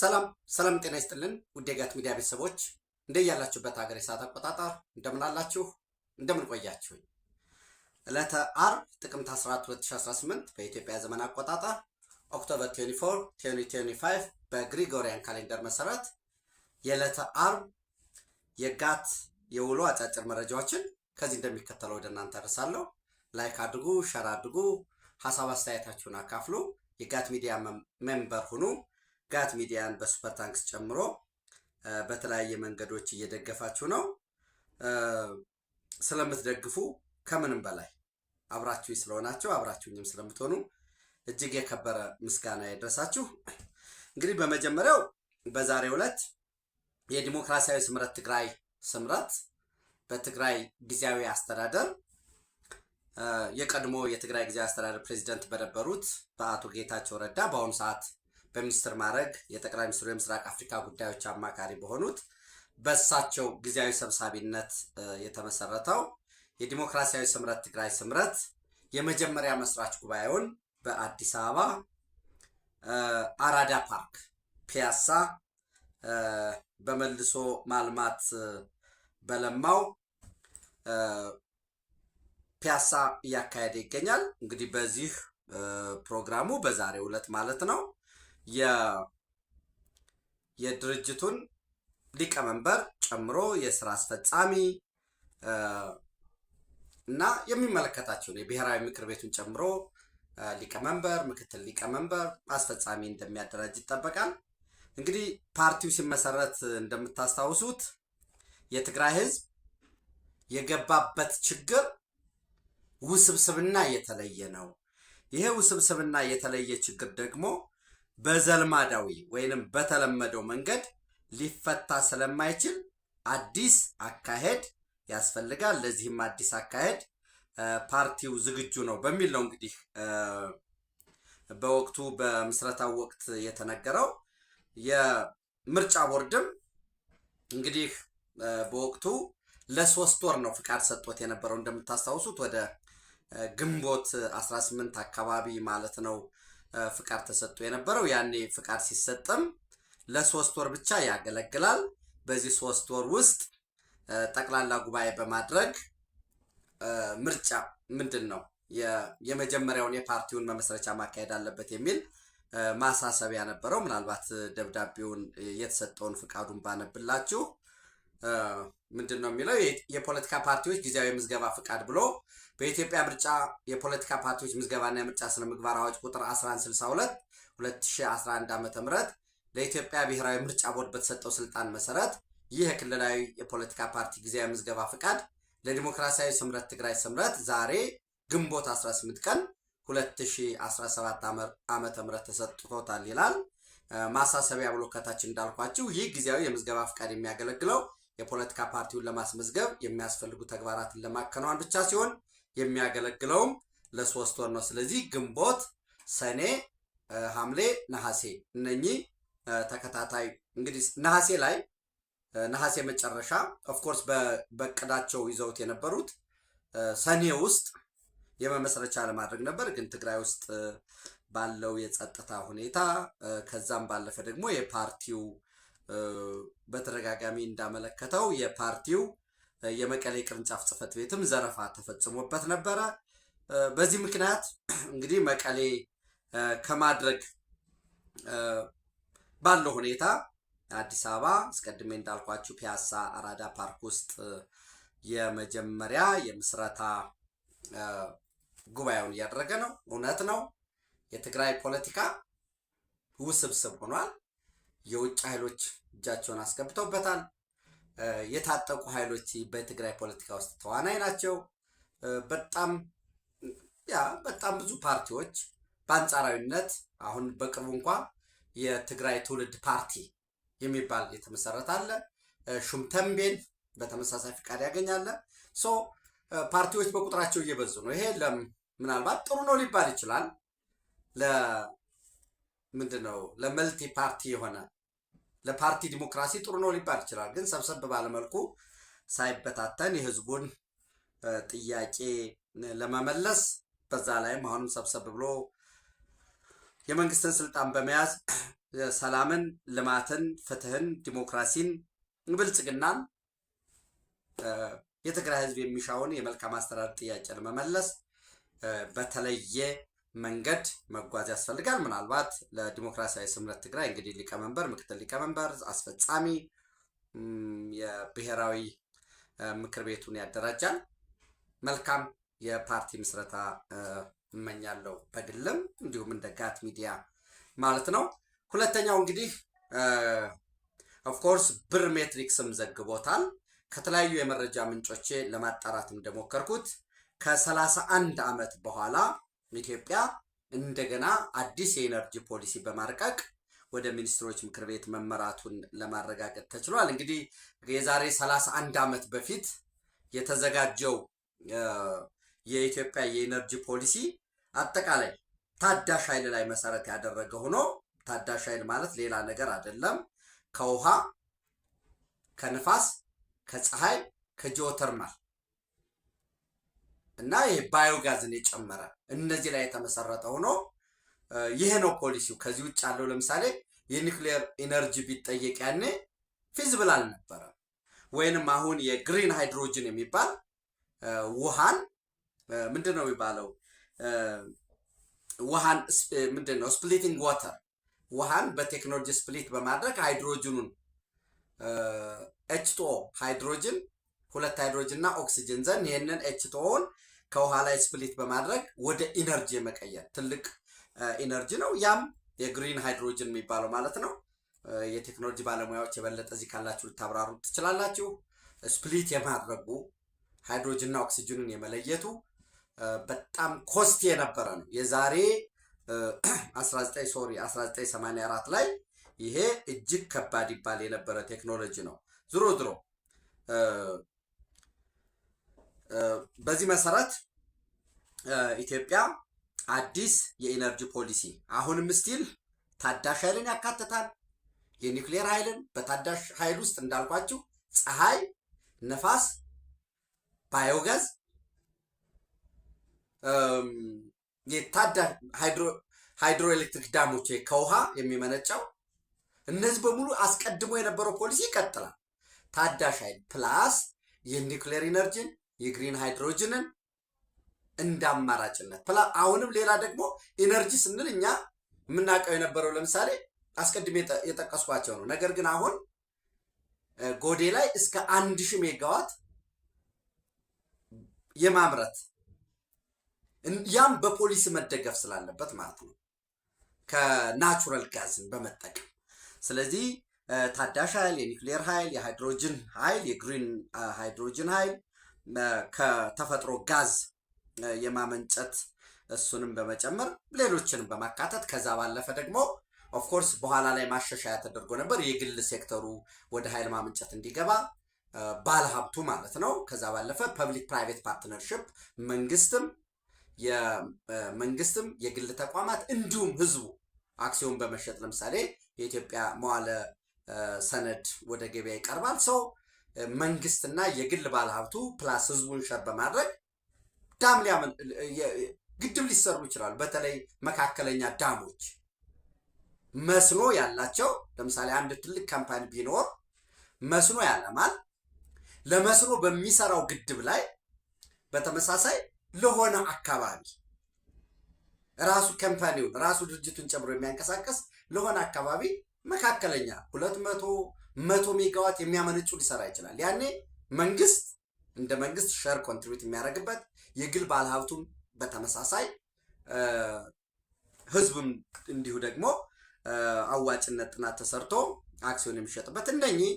ሰላም ሰላም፣ ጤና ይስጥልን ውድ የጋት ሚዲያ ቤተሰቦች እንደያላችሁበት ሀገር የሰዓት አቆጣጠር እንደምናላችሁ እንደምንቆያችሁ። ዕለተ አርብ ጥቅምት 14 2018 በኢትዮጵያ ዘመን አቆጣጠር ኦክቶበር 24 2025 በግሪጎሪያን ካሌንደር መሰረት የዕለተ አር የጋት የውሎ አጫጭር መረጃዎችን ከዚህ እንደሚከተለው ወደ እናንተ አደርሳለሁ። ላይክ አድርጉ፣ ሸር አድርጉ፣ ሀሳብ አስተያየታችሁን አካፍሉ፣ የጋት ሚዲያ ሜምበር ሁኑ። ጋት ሚዲያን በሱፐር ታንክስ ጨምሮ በተለያየ መንገዶች እየደገፋችሁ ነው። ስለምትደግፉ ከምንም በላይ አብራችሁ ስለሆናችሁ አብራችሁኝም ስለምትሆኑ እጅግ የከበረ ምስጋና ይድረሳችሁ። እንግዲህ በመጀመሪያው በዛሬው ዕለት የዲሞክራሲያዊ ስምረት ትግራይ ስምረት በትግራይ ጊዜያዊ አስተዳደር የቀድሞ የትግራይ ጊዜያዊ አስተዳደር ፕሬዚደንት በነበሩት በአቶ ጌታቸው ረዳ በአሁኑ ሰዓት በሚኒስትር ማዕረግ የጠቅላይ ሚኒስትሩ የምስራቅ አፍሪካ ጉዳዮች አማካሪ በሆኑት በእሳቸው ጊዜያዊ ሰብሳቢነት የተመሰረተው የዲሞክራሲያዊ ስምረት ትግራይ ስምረት የመጀመሪያ መስራች ጉባኤውን በአዲስ አበባ አራዳ ፓርክ ፒያሳ በመልሶ ማልማት በለማው ፒያሳ እያካሄደ ይገኛል። እንግዲህ በዚህ ፕሮግራሙ በዛሬው ዕለት ማለት ነው የድርጅቱን ሊቀመንበር ጨምሮ የስራ አስፈጻሚ እና የሚመለከታቸውን የብሔራዊ ምክር ቤቱን ጨምሮ ሊቀመንበር፣ ምክትል ሊቀመንበር፣ አስፈጻሚ እንደሚያደራጅ ይጠበቃል። እንግዲህ ፓርቲው ሲመሰረት እንደምታስታውሱት የትግራይ ህዝብ የገባበት ችግር ውስብስብና የተለየ ነው። ይሄ ውስብስብና የተለየ ችግር ደግሞ በዘልማዳዊ ወይንም በተለመደው መንገድ ሊፈታ ስለማይችል አዲስ አካሄድ ያስፈልጋል። ለዚህም አዲስ አካሄድ ፓርቲው ዝግጁ ነው በሚል ነው እንግዲህ በወቅቱ በምስረታው ወቅት የተነገረው። የምርጫ ቦርድም እንግዲህ በወቅቱ ለሶስት ወር ነው ፍቃድ ሰጥቶት የነበረው እንደምታስታውሱት ወደ ግንቦት 18 አካባቢ ማለት ነው ፍቃድ ተሰጥቶ የነበረው ያኔ ፍቃድ ሲሰጥም ለሶስት ወር ብቻ ያገለግላል። በዚህ ሶስት ወር ውስጥ ጠቅላላ ጉባኤ በማድረግ ምርጫ ምንድን ነው የመጀመሪያውን የፓርቲውን መመስረቻ ማካሄድ አለበት የሚል ማሳሰቢያ ነበረው። ምናልባት ደብዳቤውን የተሰጠውን ፍቃዱን ባነብላችሁ ምንድን ነው የሚለው የፖለቲካ ፓርቲዎች ጊዜያዊ ምዝገባ ፍቃድ ብሎ በኢትዮጵያ ምርጫ የፖለቲካ ፓርቲዎች ምዝገባና የምርጫ ስነ ምግባር አዋጅ ቁጥር 1162 2011 ዓ ም ለኢትዮጵያ ብሔራዊ ምርጫ ቦርድ በተሰጠው ስልጣን መሰረት ይህ የክልላዊ የፖለቲካ ፓርቲ ጊዜያዊ ምዝገባ ፍቃድ ለዲሞክራሲያዊ ስምረት ትግራይ ስምረት ዛሬ ግንቦት 18 ቀን 2017 ዓ ም ተሰጥቶታል ይላል። ማሳሰቢያ ብሎ ከታች እንዳልኳችሁ ይህ ጊዜያዊ የምዝገባ ፍቃድ የሚያገለግለው የፖለቲካ ፓርቲውን ለማስመዝገብ የሚያስፈልጉ ተግባራትን ለማከናወን ብቻ ሲሆን የሚያገለግለውም ለሶስት ወር ነው። ስለዚህ ግንቦት፣ ሰኔ፣ ሐምሌ፣ ነሐሴ እነኚህ ተከታታይ እንግዲህ ነሐሴ ላይ ነሐሴ መጨረሻ ኦፍኮርስ በቅዳቸው ይዘውት የነበሩት ሰኔ ውስጥ የመመስረቻ ለማድረግ ነበር። ግን ትግራይ ውስጥ ባለው የጸጥታ ሁኔታ ከዛም ባለፈ ደግሞ የፓርቲው በተደጋጋሚ እንዳመለከተው የፓርቲው የመቀሌ ቅርንጫፍ ጽፈት ቤትም ዘረፋ ተፈጽሞበት ነበረ። በዚህ ምክንያት እንግዲህ መቀሌ ከማድረግ ባለው ሁኔታ አዲስ አበባ አስቀድሜ እንዳልኳችሁ ፒያሳ አራዳ ፓርክ ውስጥ የመጀመሪያ የምስረታ ጉባኤውን እያደረገ ነው። እውነት ነው፣ የትግራይ ፖለቲካ ውስብስብ ሆኗል። የውጭ ኃይሎች እጃቸውን አስገብተውበታል። የታጠቁ ኃይሎች በትግራይ ፖለቲካ ውስጥ ተዋናይ ናቸው። በጣም ያ በጣም ብዙ ፓርቲዎች በአንጻራዊነት አሁን በቅርቡ እንኳ የትግራይ ትውልድ ፓርቲ የሚባል የተመሰረተ አለ። ሹምተንቤን በተመሳሳይ ፍቃድ ያገኛለ። ሶ ፓርቲዎች በቁጥራቸው እየበዙ ነው። ይሄ ምናልባት ጥሩ ነው ሊባል ይችላል። ለምንድን ነው ለመልቲ ፓርቲ የሆነ ለፓርቲ ዲሞክራሲ ጥሩ ነው ሊባል ይችላል። ግን ሰብሰብ ባለመልኩ ሳይበታተን የህዝቡን ጥያቄ ለመመለስ በዛ ላይም አሁንም ሰብሰብ ብሎ የመንግስትን ስልጣን በመያዝ ሰላምን፣ ልማትን፣ ፍትህን፣ ዲሞክራሲን፣ ብልጽግናን የትግራይ ህዝብ የሚሻውን የመልካም አስተዳደር ጥያቄ ለመመለስ በተለየ መንገድ መጓዝ ያስፈልጋል። ምናልባት ለዲሞክራሲያዊ ስምረት ትግራይ እንግዲህ ሊቀመንበር፣ ምክትል ሊቀመንበር፣ አስፈጻሚ የብሔራዊ ምክር ቤቱን ያደራጃል። መልካም የፓርቲ ምስረታ እመኛለሁ በግልም እንዲሁም እንደ ጋት ሚዲያ ማለት ነው። ሁለተኛው እንግዲህ ኦፍኮርስ ብር ሜትሪክስም ዘግቦታል። ከተለያዩ የመረጃ ምንጮቼ ለማጣራት እንደሞከርኩት ከሰላሳ አንድ ዓመት በኋላ ኢትዮጵያ እንደገና አዲስ የኢነርጂ ፖሊሲ በማርቀቅ ወደ ሚኒስትሮች ምክር ቤት መመራቱን ለማረጋገጥ ተችሏል። እንግዲህ የዛሬ 31 ዓመት በፊት የተዘጋጀው የኢትዮጵያ የኢነርጂ ፖሊሲ አጠቃላይ ታዳሽ ኃይል ላይ መሰረት ያደረገ ሆኖ ታዳሽ ኃይል ማለት ሌላ ነገር አይደለም። ከውሃ፣ ከንፋስ፣ ከፀሐይ፣ ከጂኦተርማል እና ባዮጋዝን የጨመረ እነዚህ ላይ የተመሰረተ ሆኖ ይሄ ነው ፖሊሲው። ከዚህ ውጭ ያለው ለምሳሌ የኒክሌር ኢነርጂ ቢጠየቅ ያኔ ፊዝብል አልነበረም። ወይንም አሁን የግሪን ሃይድሮጅን የሚባል ውሃን ምንድን ነው የሚባለው? ውሃን ምንድን ነው ስፕሊቲንግ ዋተር ውሃን በቴክኖሎጂ ስፕሊት በማድረግ ሃይድሮጅኑን ኤችቶ ሃይድሮጅን ሁለት ሃይድሮጅን እና ኦክሲጅን ዘንድ ይህንን ኤችቶውን ከውሃ ላይ ስፕሊት በማድረግ ወደ ኢነርጂ የመቀየር ትልቅ ኢነርጂ ነው። ያም የግሪን ሃይድሮጅን የሚባለው ማለት ነው። የቴክኖሎጂ ባለሙያዎች የበለጠ እዚህ ካላችሁ ልታብራሩ ትችላላችሁ። ስፕሊት የማድረጉ ሃይድሮጅንና ኦክሲጅንን የመለየቱ በጣም ኮስት የነበረ ነው። የዛሬ 19 ሶሪ 1984 ላይ ይሄ እጅግ ከባድ ይባል የነበረ ቴክኖሎጂ ነው። ዝሮ ዝሮ በዚህ መሰረት ኢትዮጵያ አዲስ የኢነርጂ ፖሊሲ አሁንም ስቲል ታዳሽ ኃይልን ያካትታል። የኒውክሌር ኃይልን በታዳሽ ኃይል ውስጥ እንዳልኳችሁ ፀሐይ፣ ነፋስ፣ ባዮጋዝ የታዳሽ ሃይድሮኤሌክትሪክ ዳሞች ከውሃ የሚመነጨው እነዚህ በሙሉ አስቀድሞ የነበረው ፖሊሲ ይቀጥላል። ታዳሽ ኃይል ፕላስ የኒውክሌር ኢነርጂን የግሪን ሃይድሮጅንን እንደ አማራጭነት አሁንም ሌላ ደግሞ ኢነርጂ ስንል እኛ የምናውቀው የነበረው ለምሳሌ አስቀድሜ የጠቀስኳቸው ነው። ነገር ግን አሁን ጎዴ ላይ እስከ አንድ ሺህ ሜጋዋት የማምረት ያም በፖሊሲ መደገፍ ስላለበት ማለት ነው ከናቹራል ጋዝን በመጠቀም ስለዚህ ታዳሽ ኃይል፣ የኒክሌር ኃይል፣ የሃይድሮጅን ኃይል፣ የግሪን ሃይድሮጅን ኃይል ከተፈጥሮ ጋዝ የማመንጨት እሱንም በመጨመር ሌሎችንም በማካተት ከዛ ባለፈ ደግሞ ኦፍኮርስ በኋላ ላይ ማሻሻያ ተደርጎ ነበር። የግል ሴክተሩ ወደ ኃይል ማመንጨት እንዲገባ ባለሀብቱ ማለት ነው። ከዛ ባለፈ ፐብሊክ ፕራይቬት ፓርትነርሽፕ መንግስትም የመንግስትም የግል ተቋማት እንዲሁም ህዝቡ አክሲዮን በመሸጥ ለምሳሌ የኢትዮጵያ መዋለ ሰነድ ወደ ገበያ ይቀርባል ሰው መንግስትና የግል ባለሀብቱ ፕላስ ህዝቡን ሸር በማድረግ ዳም ግድብ ሊሰሩ ይችላሉ። በተለይ መካከለኛ ዳሞች መስኖ ያላቸው ለምሳሌ አንድ ትልቅ ካምፓኒ ቢኖር መስኖ ያለማል። ለመስኖ በሚሰራው ግድብ ላይ በተመሳሳይ ለሆነ አካባቢ ራሱ ካምፓኒውን ራሱ ድርጅቱን ጨምሮ የሚያንቀሳቀስ ለሆነ አካባቢ መካከለኛ ሁለት መቶ መቶ ሜጋዋት የሚያመነጩ ሊሰራ ይችላል። ያኔ መንግስት እንደ መንግስት ሸር ኮንትሪቢዩት የሚያደርግበት የግል ባለሀብቱም በተመሳሳይ ህዝብም እንዲሁ ደግሞ አዋጭነት ጥናት ተሰርቶ አክሲዮን የሚሸጥበት እንደኚህ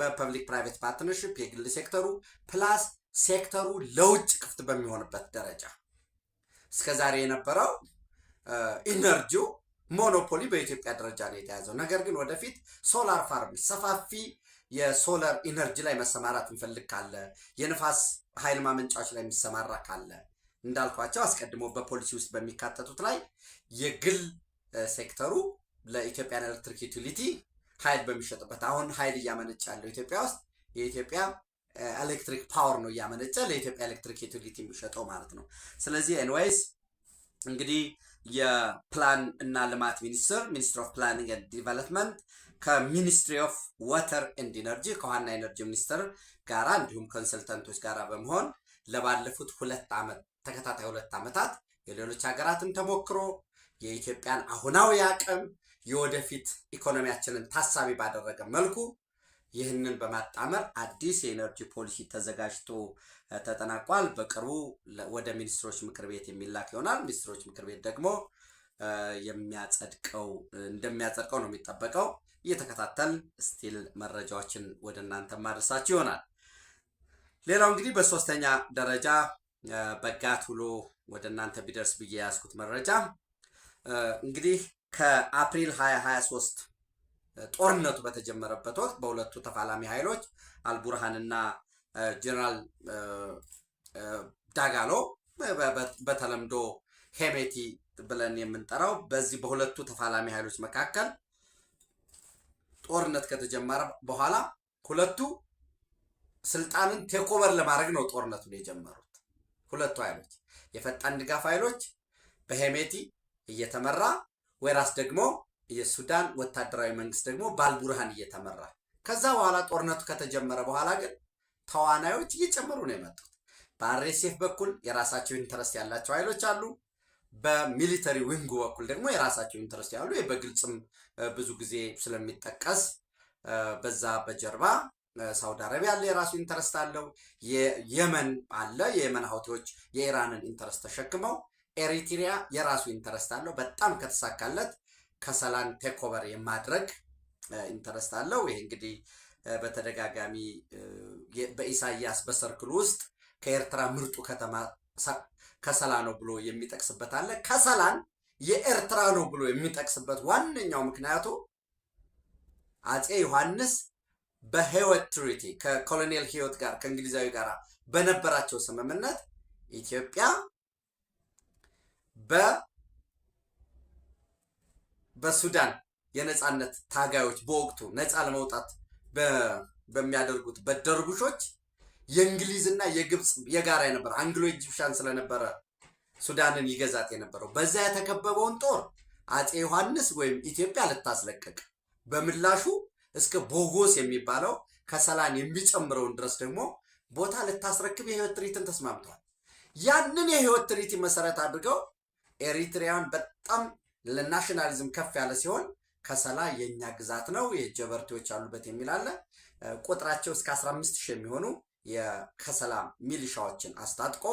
በፐብሊክ ፕራይቬት ፓርትነርሽፕ የግል ሴክተሩ ፕላስ ሴክተሩ ለውጭ ክፍት በሚሆንበት ደረጃ እስከዛሬ የነበረው ኢነርጂው ሞኖፖሊ በኢትዮጵያ ደረጃ ነው የተያዘው። ነገር ግን ወደፊት ሶላር ፋርም ሰፋፊ የሶላር ኢነርጂ ላይ መሰማራት የሚፈልግ ካለ የንፋስ ኃይል ማመንጫዎች ላይ የሚሰማራ ካለ እንዳልኳቸው አስቀድሞ በፖሊሲ ውስጥ በሚካተቱት ላይ የግል ሴክተሩ ለኢትዮጵያን ኤሌክትሪክ ዩቲሊቲ ኃይል በሚሸጥበት አሁን ኃይል እያመነጨ ያለው ኢትዮጵያ ውስጥ የኢትዮጵያ ኤሌክትሪክ ፓወር ነው እያመነጨ ለኢትዮጵያ ኤሌክትሪክ ዩቲሊቲ የሚሸጠው ማለት ነው። ስለዚህ ኤንዌይስ እንግዲህ የፕላን እና ልማት ሚኒስትር ሚኒስትር ኦፍ ፕላኒንግ ኤንድ ዲቨሎፕመንት ከሚኒስትሪ ኦፍ ወተር ኤንድ ኢነርጂ ከዋና ኤነርጂ ሚኒስትር ጋራ እንዲሁም ኮንሰልተንቶች ጋራ በመሆን ለባለፉት ሁለት ዓመት ተከታታይ ሁለት ዓመታት የሌሎች ሀገራትን ተሞክሮ የኢትዮጵያን አሁናዊ አቅም የወደፊት ኢኮኖሚያችንን ታሳቢ ባደረገ መልኩ ይህንን በማጣመር አዲስ የኤነርጂ ፖሊሲ ተዘጋጅቶ ተጠናቋል። በቅርቡ ወደ ሚኒስትሮች ምክር ቤት የሚላክ ይሆናል። ሚኒስትሮች ምክር ቤት ደግሞ የሚያጸድቀው እንደሚያጸድቀው ነው የሚጠበቀው። እየተከታተል ስቲል መረጃዎችን ወደ እናንተ ማድረሳችሁ ይሆናል። ሌላው እንግዲህ በሶስተኛ ደረጃ በጋት ውሎ ወደ እናንተ ቢደርስ ብዬ የያዝኩት መረጃ እንግዲህ ከአፕሪል 2023 ጦርነቱ በተጀመረበት ወቅት በሁለቱ ተፋላሚ ኃይሎች አልቡርሃንና ጀነራል ዳጋሎ በተለምዶ ሄሜቲ ብለን የምንጠራው በዚህ በሁለቱ ተፋላሚ ኃይሎች መካከል ጦርነት ከተጀመረ በኋላ ሁለቱ ስልጣንን ቴኮቨር ለማድረግ ነው ጦርነቱን የጀመሩት። ሁለቱ ኃይሎች የፈጣን ድጋፍ ኃይሎች በሄሜቲ እየተመራ ወይራስ ደግሞ የሱዳን ወታደራዊ መንግስት ደግሞ ባልቡርሃን እየተመራ ከዛ በኋላ ጦርነቱ ከተጀመረ በኋላ ግን ተዋናዮች እየጨመሩ ነው የመጡት። በአሬሴፍ በኩል የራሳቸው ኢንተረስት ያላቸው ኃይሎች አሉ። በሚሊተሪ ዊንጉ በኩል ደግሞ የራሳቸው ኢንተረስት ያሉ በግልጽም ብዙ ጊዜ ስለሚጠቀስ በዛ በጀርባ ሳውዲ አረቢያ ያለ የራሱ ኢንተረስት አለው። የየመን አለ። የየመን ሀውቲዎች የኢራንን ኢንተረስት ተሸክመው ኤሪትሪያ የራሱ ኢንተረስት አለው። በጣም ከተሳካለት ከሰላን ቴኮቨር የማድረግ ኢንተረስት አለው። ይሄ እንግዲህ በተደጋጋሚ በኢሳያስ በሰርክል ውስጥ ከኤርትራ ምርጡ ከተማ ከሰላ ነው ብሎ የሚጠቅስበት አለ። ከሰላን የኤርትራ ነው ብሎ የሚጠቅስበት ዋነኛው ምክንያቱ አፄ ዮሐንስ በህይወት ትሪቲ ከኮሎኔል ህይወት ጋር ከእንግሊዛዊ ጋር በነበራቸው ስምምነት ኢትዮጵያ በሱዳን የነፃነት ታጋዮች በወቅቱ ነፃ ለመውጣት በሚያደርጉት በደርጉሾች የእንግሊዝና የግብፅ የጋራ የነበረ አንግሎ ኢጂፕሻን ስለነበረ ሱዳንን ይገዛት የነበረው በዛ የተከበበውን ጦር አፄ ዮሐንስ ወይም ኢትዮጵያ ልታስለቀቅ በምላሹ እስከ ቦጎስ የሚባለው ከሰላን የሚጨምረውን ድረስ ደግሞ ቦታ ልታስረክብ የህይወት ትርኢትን ተስማምተዋል። ያንን የህይወት ትርኢት መሰረት አድርገው ኤሪትሪያን በጣም ለናሽናሊዝም ከፍ ያለ ሲሆን ከሰላ የእኛ ግዛት ነው የጀበርቴዎች አሉበት የሚል አለ። ቁጥራቸው እስከ 15 ሺህ የሚሆኑ የከሰላ ሚሊሻዎችን አስታጥቆ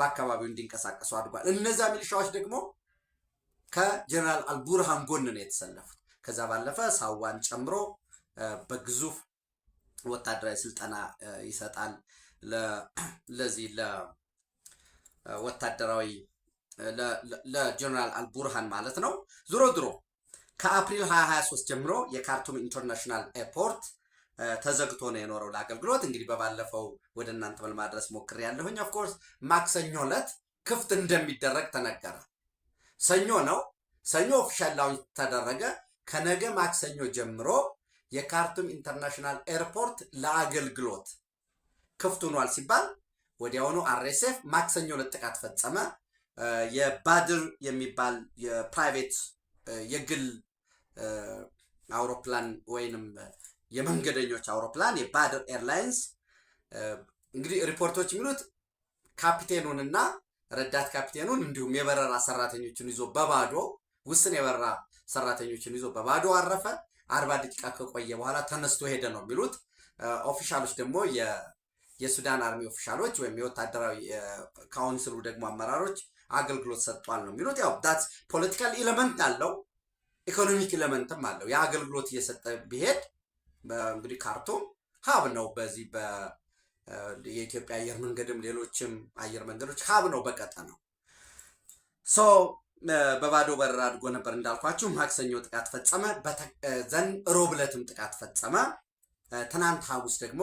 በአካባቢው እንዲንቀሳቀሱ አድርጓል። እነዛ ሚሊሻዎች ደግሞ ከጀነራል አልቡርሃን ጎን ነው የተሰለፉት። ከዛ ባለፈ ሳዋን ጨምሮ በግዙፍ ወታደራዊ ስልጠና ይሰጣል ለዚህ ለወታደራዊ ለጀነራል አልቡርሃን ማለት ነው። ዞሮ ዞሮ ከአፕሪል 2023 ጀምሮ የካርቱም ኢንተርናሽናል ኤርፖርት ተዘግቶ ነው የኖረው ለአገልግሎት። እንግዲህ በባለፈው ወደ እናንተ ለማድረስ ሞክሬ ያለሁኝ። ኦፍኮርስ ማክሰኞ ዕለት ክፍት እንደሚደረግ ተነገረ። ሰኞ ነው። ሰኞ ኦፊሻል ላውንች ተደረገ። ከነገ ማክሰኞ ጀምሮ የካርቱም ኢንተርናሽናል ኤርፖርት ለአገልግሎት ክፍት ሆኗል ሲባል ወዲያውኑ አርኤስኤፍ ማክሰኞ ዕለት ጥቃት ፈጸመ። የባድር የሚባል የፕራይቬት የግል አውሮፕላን ወይንም የመንገደኞች አውሮፕላን የባድር ኤርላይንስ እንግዲህ ሪፖርቶች የሚሉት ካፒቴኑንና ረዳት ካፒቴኑን እንዲሁም የበረራ ሰራተኞችን ይዞ በባዶ ውስን የበረራ ሰራተኞችን ይዞ በባዶ አረፈ። አርባ ደቂቃ ከቆየ በኋላ ተነስቶ ሄደ ነው የሚሉት ኦፊሻሎች። ደግሞ የሱዳን አርሚ ኦፊሻሎች ወይም የወታደራዊ ካውንስሉ ደግሞ አመራሮች አገልግሎት ሰጥቷል ነው የሚሉት። ያው ዳት ፖለቲካል ኤለመንት አለው፣ ኢኮኖሚክ ኤለመንትም አለው። የአገልግሎት እየሰጠ ቢሄድ እንግዲህ ካርቱም ሀብ ነው። በዚህ የኢትዮጵያ አየር መንገድም ሌሎችም አየር መንገዶች ሀብ ነው በቀጠናው ሶ በባዶ በረራ አድጎ ነበር እንዳልኳችሁ። ማክሰኞ ጥቃት ፈጸመ፣ ዘን ሮብለትም ጥቃት ፈጸመ። ትናንት ሐሙስ ደግሞ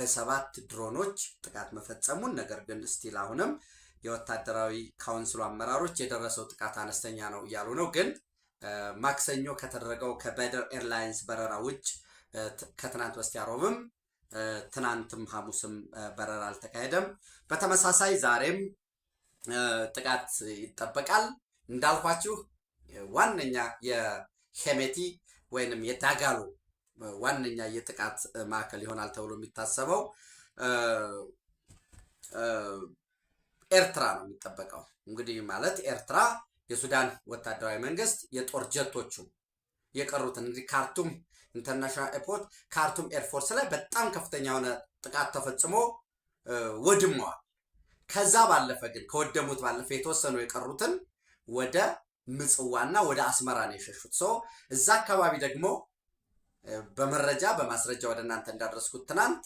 በሰባት ድሮኖች ጥቃት መፈጸሙን ነገር ግን ስቲል አሁንም የወታደራዊ ካውንስሉ አመራሮች የደረሰው ጥቃት አነስተኛ ነው እያሉ ነው። ግን ማክሰኞ ከተደረገው ከበደር ኤርላይንስ በረራ ውጭ ከትናንት በስቲያ ሮብም ትናንትም ሐሙስም በረራ አልተካሄደም። በተመሳሳይ ዛሬም ጥቃት ይጠበቃል። እንዳልኳችሁ ዋነኛ የሄሜቲ ወይንም የዳጋሎ ዋነኛ የጥቃት ማዕከል ይሆናል ተብሎ የሚታሰበው ኤርትራ ነው የሚጠበቀው። እንግዲህ ማለት ኤርትራ የሱዳን ወታደራዊ መንግስት የጦር ጀቶቹ የቀሩትን እንግዲህ ካርቱም ኢንተርናሽናል ኤርፖርት ካርቱም ኤርፎርስ ላይ በጣም ከፍተኛ የሆነ ጥቃት ተፈጽሞ ወድመዋል። ከዛ ባለፈ ግን ከወደሙት ባለፈ የተወሰኑ የቀሩትን ወደ ምጽዋና ወደ አስመራ ነው የሸሹት። ሰው እዛ አካባቢ ደግሞ በመረጃ በማስረጃ ወደ እናንተ እንዳደረስኩት ትናንት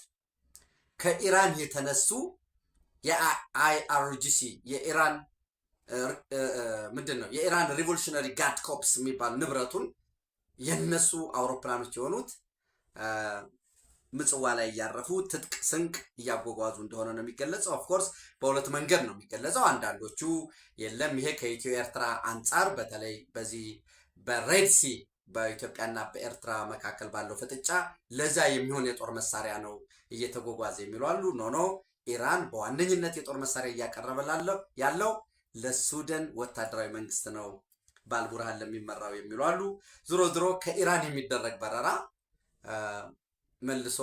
ከኢራን የተነሱ የአይአርጂሲ የኢራን ምንድን ነው የኢራን ሪቮሉሽነሪ ጋድ ኮፕስ የሚባል ንብረቱን የነሱ አውሮፕላኖች የሆኑት ምጽዋ ላይ እያረፉ ትጥቅ ስንቅ እያጓጓዙ እንደሆነ ነው የሚገለጸው። ኦፍኮርስ በሁለት መንገድ ነው የሚገለጸው። አንዳንዶቹ የለም ይሄ ከኢትዮ ኤርትራ አንጻር በተለይ በዚህ በሬድሲ በኢትዮጵያና በኤርትራ መካከል ባለው ፍጥጫ ለዛ የሚሆን የጦር መሳሪያ ነው እየተጓጓዘ የሚሉ አሉ። ኖ ኖ ኢራን በዋነኝነት የጦር መሳሪያ እያቀረበ ያለው ለሱደን ወታደራዊ መንግስት ነው ባልቡርሃን ለሚመራው የሚሉ አሉ። ዝሮ ዞሮ ከኢራን የሚደረግ በረራ መልሶ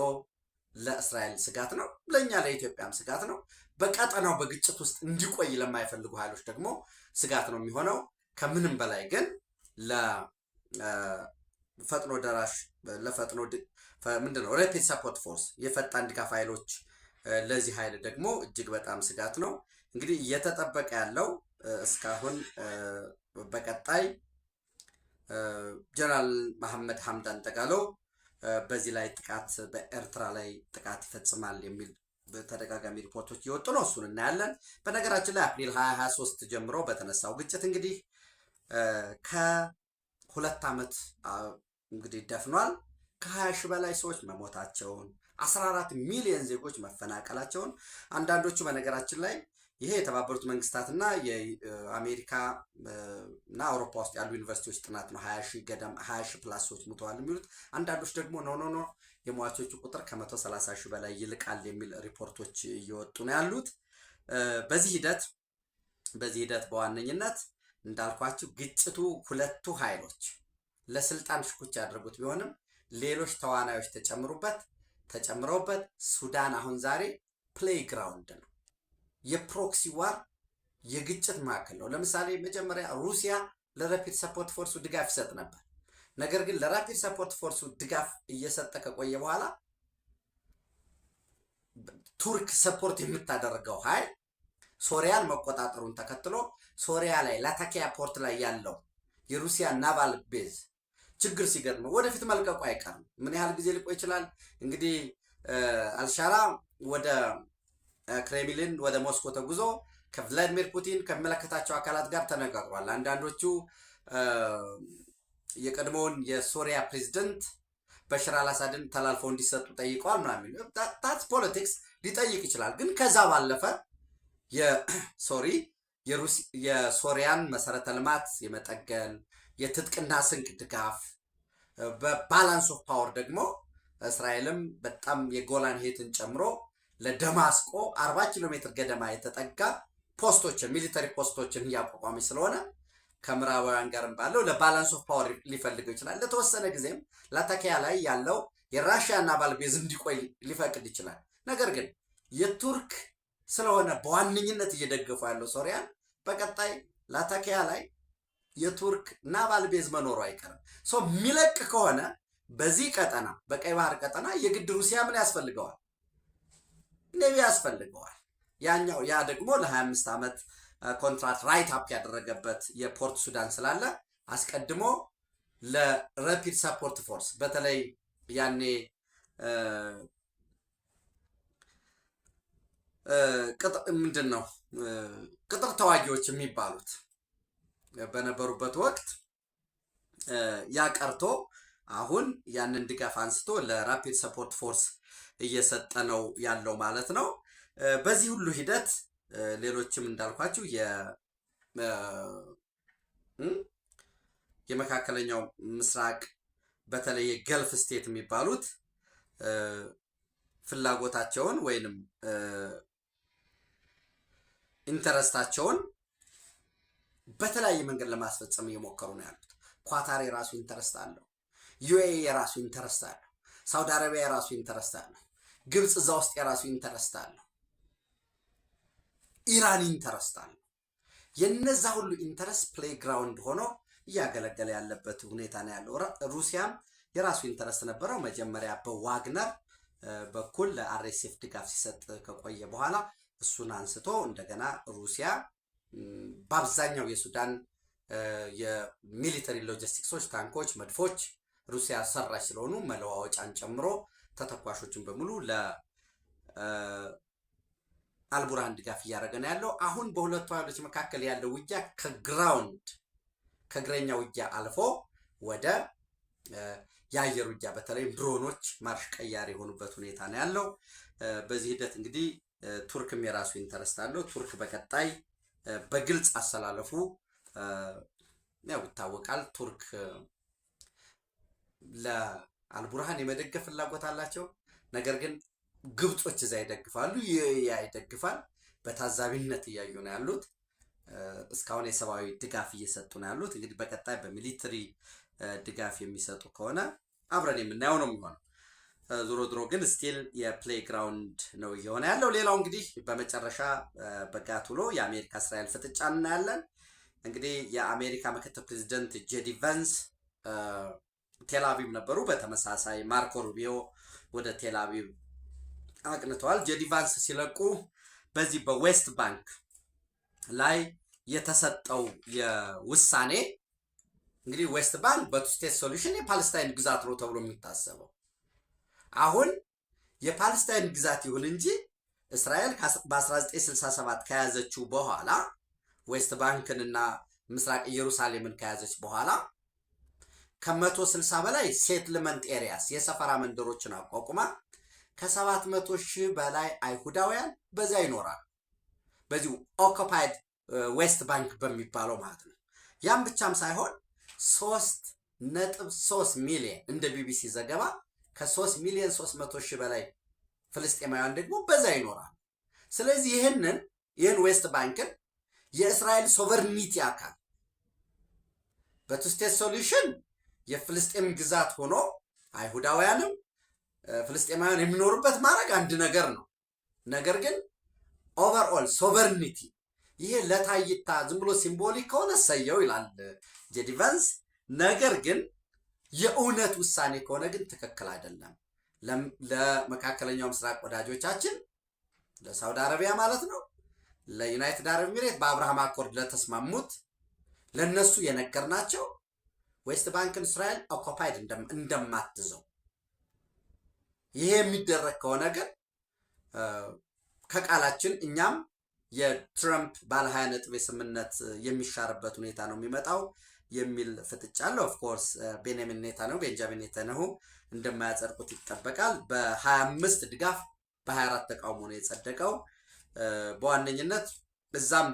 ለእስራኤል ስጋት ነው፣ ለእኛ ለኢትዮጵያም ስጋት ነው። በቀጠናው በግጭት ውስጥ እንዲቆይ ለማይፈልጉ ኃይሎች ደግሞ ስጋት ነው የሚሆነው። ከምንም በላይ ግን ለፈጥኖ ደራሽ ለፈጥኖ ምንድነው ሬፒድ ሰፖርት ፎርስ የፈጣን ድጋፍ ኃይሎች ለዚህ ኃይል ደግሞ እጅግ በጣም ስጋት ነው። እንግዲህ እየተጠበቀ ያለው እስካሁን በቀጣይ ጀነራል መሐመድ ሀምዳን ደጋሎ በዚህ ላይ ጥቃት በኤርትራ ላይ ጥቃት ይፈጽማል የሚል በተደጋጋሚ ሪፖርቶች እየወጡ ነው። እሱን እናያለን። በነገራችን ላይ አፕሪል 2023 ጀምሮ በተነሳው ግጭት እንግዲህ ከሁለት ዓመት እንግዲህ ደፍኗል። ከ20 ሺህ በላይ ሰዎች መሞታቸውን 14 ሚሊዮን ዜጎች መፈናቀላቸውን አንዳንዶቹ በነገራችን ላይ ይሄ የተባበሩት መንግስታትና የአሜሪካ እና አውሮፓ ውስጥ ያሉ ዩኒቨርሲቲዎች ጥናት ነው። ሀያ ሺህ ገደም ሀያ ሺህ ፕላስ ሰዎች ሙተዋል የሚሉት አንዳንዶች ደግሞ ኖ ኖ ኖ የሟቾቹ ቁጥር ከመቶ ሰላሳ ሺህ በላይ ይልቃል የሚል ሪፖርቶች እየወጡ ነው ያሉት። በዚህ ሂደት በዚህ ሂደት በዋነኝነት እንዳልኳችሁ ግጭቱ ሁለቱ ኃይሎች ለስልጣን ሽኩቻ ያደረጉት ቢሆንም ሌሎች ተዋናዮች ተጨምሩበት ተጨምረውበት ሱዳን አሁን ዛሬ ፕሌይ ግራውንድ ነው። የፕሮክሲ ዋር የግጭት ማዕከል ነው። ለምሳሌ መጀመሪያ ሩሲያ ለራፒድ ሰፖርት ፎርሱ ድጋፍ ይሰጥ ነበር። ነገር ግን ለራፒድ ሰፖርት ፎርሱ ድጋፍ እየሰጠ ከቆየ በኋላ ቱርክ ሰፖርት የምታደርገው ኃይል ሶሪያን መቆጣጠሩን ተከትሎ ሶሪያ ላይ ላታኪያ ፖርት ላይ ያለው የሩሲያ ናቫል ቤዝ ችግር ሲገጥመው ወደፊት መልቀቁ አይቀርም። ምን ያህል ጊዜ ሊቆይ ይችላል? እንግዲህ አልሻራ ወደ ክሬምሊን ወደ ሞስኮ ተጉዞ ከቭላዲሚር ፑቲን ከሚመለከታቸው አካላት ጋር ተነጋግሯል። አንዳንዶቹ የቀድሞውን የሶሪያ ፕሬዚደንት በሽር አላሳድን ተላልፈው እንዲሰጡ ጠይቀዋል ምናምን ታት ፖለቲክስ ሊጠይቅ ይችላል። ግን ከዛ ባለፈ የሶሪ የሶሪያን መሰረተ ልማት የመጠገን የትጥቅና ስንቅ ድጋፍ በባላንስ ኦፍ ፓወር ደግሞ እስራኤልም በጣም የጎላን ሄትን ጨምሮ ለደማስቆ አርባ ኪሎ ሜትር ገደማ የተጠጋ ፖስቶችን ሚሊተሪ ፖስቶችን እያቋቋሚ ስለሆነ ከምዕራባውያን ጋርም ባለው ለባላንስ ኦፍ ፓወር ሊፈልገው ይችላል። ለተወሰነ ጊዜም ላታኪያ ላይ ያለው የራሽያ ባል ቤዝ እንዲቆይ ሊፈቅድ ይችላል። ነገር ግን የቱርክ ስለሆነ በዋነኝነት እየደገፉ ያለው ሶሪያን በቀጣይ ላታኪያ ላይ የቱርክ ናቫል ቤዝ መኖሩ አይቀርም። ሶ የሚለቅ ከሆነ በዚህ ቀጠና በቀይ ባህር ቀጠና የግድ ሩሲያ ምን ያስፈልገዋል? ኔቪ ያስፈልገዋል። ያኛው ያ ደግሞ ለ25 ዓመት ኮንትራት ራይት አፕ ያደረገበት የፖርት ሱዳን ስላለ አስቀድሞ ለረፒድ ሰፖርት ፎርስ በተለይ ያኔ ምንድን ነው ቅጥር ተዋጊዎች የሚባሉት በነበሩበት ወቅት ያ ቀርቶ አሁን ያንን ድጋፍ አንስቶ ለራፒድ ሰፖርት ፎርስ እየሰጠ ነው ያለው ማለት ነው። በዚህ ሁሉ ሂደት ሌሎችም እንዳልኳችሁ የመካከለኛው ምስራቅ በተለይ ገልፍ ስቴት የሚባሉት ፍላጎታቸውን ወይንም ኢንተረስታቸውን በተለያየ መንገድ ለማስፈጸም እየሞከሩ ነው ያሉት። ኳታር የራሱ ኢንተረስት አለው፣ ዩኤ የራሱ ኢንተረስት አለው፣ ሳውዲ አረቢያ የራሱ ኢንተረስት አለው፣ ግብፅ እዛ ውስጥ የራሱ ኢንተረስት አለው፣ ኢራን ኢንተረስት አለው። የነዛ ሁሉ ኢንተረስት ፕሌይግራውንድ ሆኖ እያገለገለ ያለበት ሁኔታ ነው ያለው። ሩሲያም የራሱ ኢንተረስት ነበረው። መጀመሪያ በዋግነር በኩል ለአርኤስኤፍ ድጋፍ ሲሰጥ ከቆየ በኋላ እሱን አንስቶ እንደገና ሩሲያ በአብዛኛው የሱዳን የሚሊተሪ ሎጂስቲክሶች፣ ታንኮች፣ መድፎች ሩሲያ ሰራሽ ስለሆኑ መለዋወጫን ጨምሮ ተተኳሾችን በሙሉ ለአልቡርሃን ድጋፍ እያደረገ ነው ያለው። አሁን በሁለቱ ኃይሎች መካከል ያለው ውጊያ ከግራውንድ ከእግረኛ ውጊያ አልፎ ወደ የአየር ውጊያ በተለይም ድሮኖች ማርሽ ቀያሪ የሆኑበት ሁኔታ ነው ያለው። በዚህ ሂደት እንግዲህ ቱርክም የራሱ ኢንተረስት አለው። ቱርክ በቀጣይ በግልጽ አሰላለፉ ያው ይታወቃል። ቱርክ ለአልቡርሃን የመደገፍ ፍላጎት አላቸው። ነገር ግን ግብጾች እዛ ይደግፋሉ፣ ያ ይደግፋል። በታዛቢነት እያዩ ነው ያሉት። እስካሁን የሰብአዊ ድጋፍ እየሰጡ ነው ያሉት። እንግዲህ በቀጣይ በሚሊትሪ ድጋፍ የሚሰጡ ከሆነ አብረን የምናየው ነው የሚሆነው። ዞሮ ዞሮ ግን ስቲል የፕሌይ ግራውንድ ነው እየሆነ ያለው። ሌላው እንግዲህ በመጨረሻ በጋት ውሎ የአሜሪካ እስራኤል ፍጥጫ እናያለን። እንግዲህ የአሜሪካ ምክትል ፕሬዚደንት ጄዲ ቫንስ ነበሩ። በተመሳሳይ ማርኮ ሩቢዮ ወደ ቴላቪቭ አቅንተዋል። ጄዲ ቫንስ ሲለቁ በዚህ በዌስት ባንክ ላይ የተሰጠው የውሳኔ እንግዲህ ዌስት ባንክ በቱ ስቴት ሶሉሽን የፓለስታይን ግዛት ነው ተብሎ የሚታሰበው አሁን የፓለስታይን ግዛት ይሁን እንጂ እስራኤል በ1967 ከያዘችው በኋላ ዌስት ባንክንና ምስራቅ ኢየሩሳሌምን ከያዘች በኋላ ከመቶ ስልሳ በላይ ሴትልመንት ኤሪያስ የሰፈራ መንደሮችን አቋቁማ ከሰባት መቶ ሺህ በላይ አይሁዳውያን በዚያ ይኖራል። በዚሁ ኦኮፓይድ ዌስት ባንክ በሚባለው ማለት ነው። ያም ብቻም ሳይሆን ሶስት ነጥብ ሶስት ሚሊየን እንደ ቢቢሲ ዘገባ ከሶስት ሚሊዮን ሶስት መቶ ሺህ በላይ ፍልስጤማውያን ደግሞ በዛ ይኖራል። ስለዚህ ይህንን ይህን ዌስት ባንክን የእስራኤል ሶቨርኒቲ አካል በቱ ስቴት ሶሉሽን የፍልስጤም ግዛት ሆኖ አይሁዳውያንም ፍልስጤማውያን የሚኖሩበት ማድረግ አንድ ነገር ነው። ነገር ግን ኦቨርኦል ሶቨርኒቲ ይሄ ለታይታ ዝም ብሎ ሲምቦሊክ ከሆነ ሰየው ይላል ጄዲ ነገር ግን የእውነት ውሳኔ ከሆነ ግን ትክክል አይደለም። ለመካከለኛው ምስራቅ ወዳጆቻችን፣ ለሳውዲ አረቢያ ማለት ነው፣ ለዩናይትድ አረብ ኤሚሬት በአብርሃም አኮርድ ለተስማሙት ለእነሱ ናቸው ዌስት ባንክን እስራኤል ኦኮፓይድ እንደማትዘው ይሄ የሚደረግ ከሆነ ግን ከቃላችን እኛም የትረምፕ ባለ ሀያ ነጥብ ስምምነት የሚሻርበት ሁኔታ ነው የሚመጣው። የሚል ፍጥጫ አለ። ኦፍኮርስ ቤንያሚን ኔታንያሁ ቤንጃሚን ኔታንያሁ እንደማያጸድቁት ይጠበቃል። በ25 ድጋፍ በ24 ተቃውሞ ነው የጸደቀው። uh, በዋነኝነት እዛም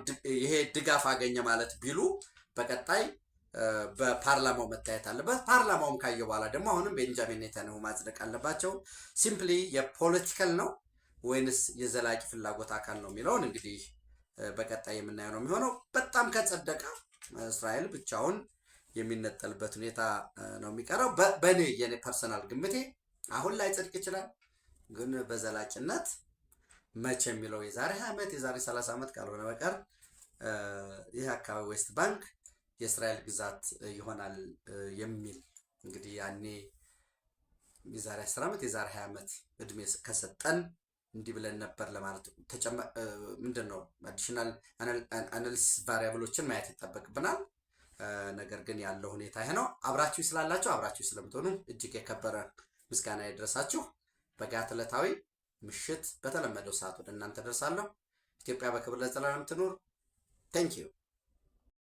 ይሄ ድጋፍ አገኘ ማለት ቢሉ በቀጣይ uh, በፓርላማው መታየት አለበት። ፓርላማውም ካየ በኋላ ደግሞ አሁንም ቤንጃሚን ኔታንያሁ ማጽደቅ አለባቸው። ሲምፕሊ የፖለቲካል ነው ወይንስ የዘላቂ ፍላጎት አካል ነው የሚለውን እንግዲህ uh, በቀጣይ የምናየው ነው የሚሆነው። በጣም ከጸደቀ እስራኤል ብቻውን የሚነጠልበት ሁኔታ ነው የሚቀረው። በእኔ የኔ ፐርሰናል ግምቴ አሁን ላይ ጽድቅ ይችላል፣ ግን በዘላቂነት መቼ የሚለው የዛሬ ዓመት የዛሬ 30 ዓመት ካልሆነ በቀር ይህ አካባቢ ዌስት ባንክ የእስራኤል ግዛት ይሆናል የሚል እንግዲህ ያኔ የዛሬ 10 ዓመት የዛሬ 20 ዓመት እድሜ ከሰጠን እንዲህ ብለን ነበር ለማለት ምንድን ነው አዲሽናል አናሊሲስ ቫሪያብሎችን ማየት ይጠበቅብናል። ነገር ግን ያለው ሁኔታ ይሄ ነው። አብራችሁ ስላላችሁ አብራችሁ ስለምትሆኑ እጅግ የከበረ ምስጋና ይድረሳችሁ። በጋት ዕለታዊ ምሽት በተለመደው ሰዓት ወደ እናንተ ደርሳለሁ። ኢትዮጵያ በክብር ለዘላለም ትኑር። ታንኪዩ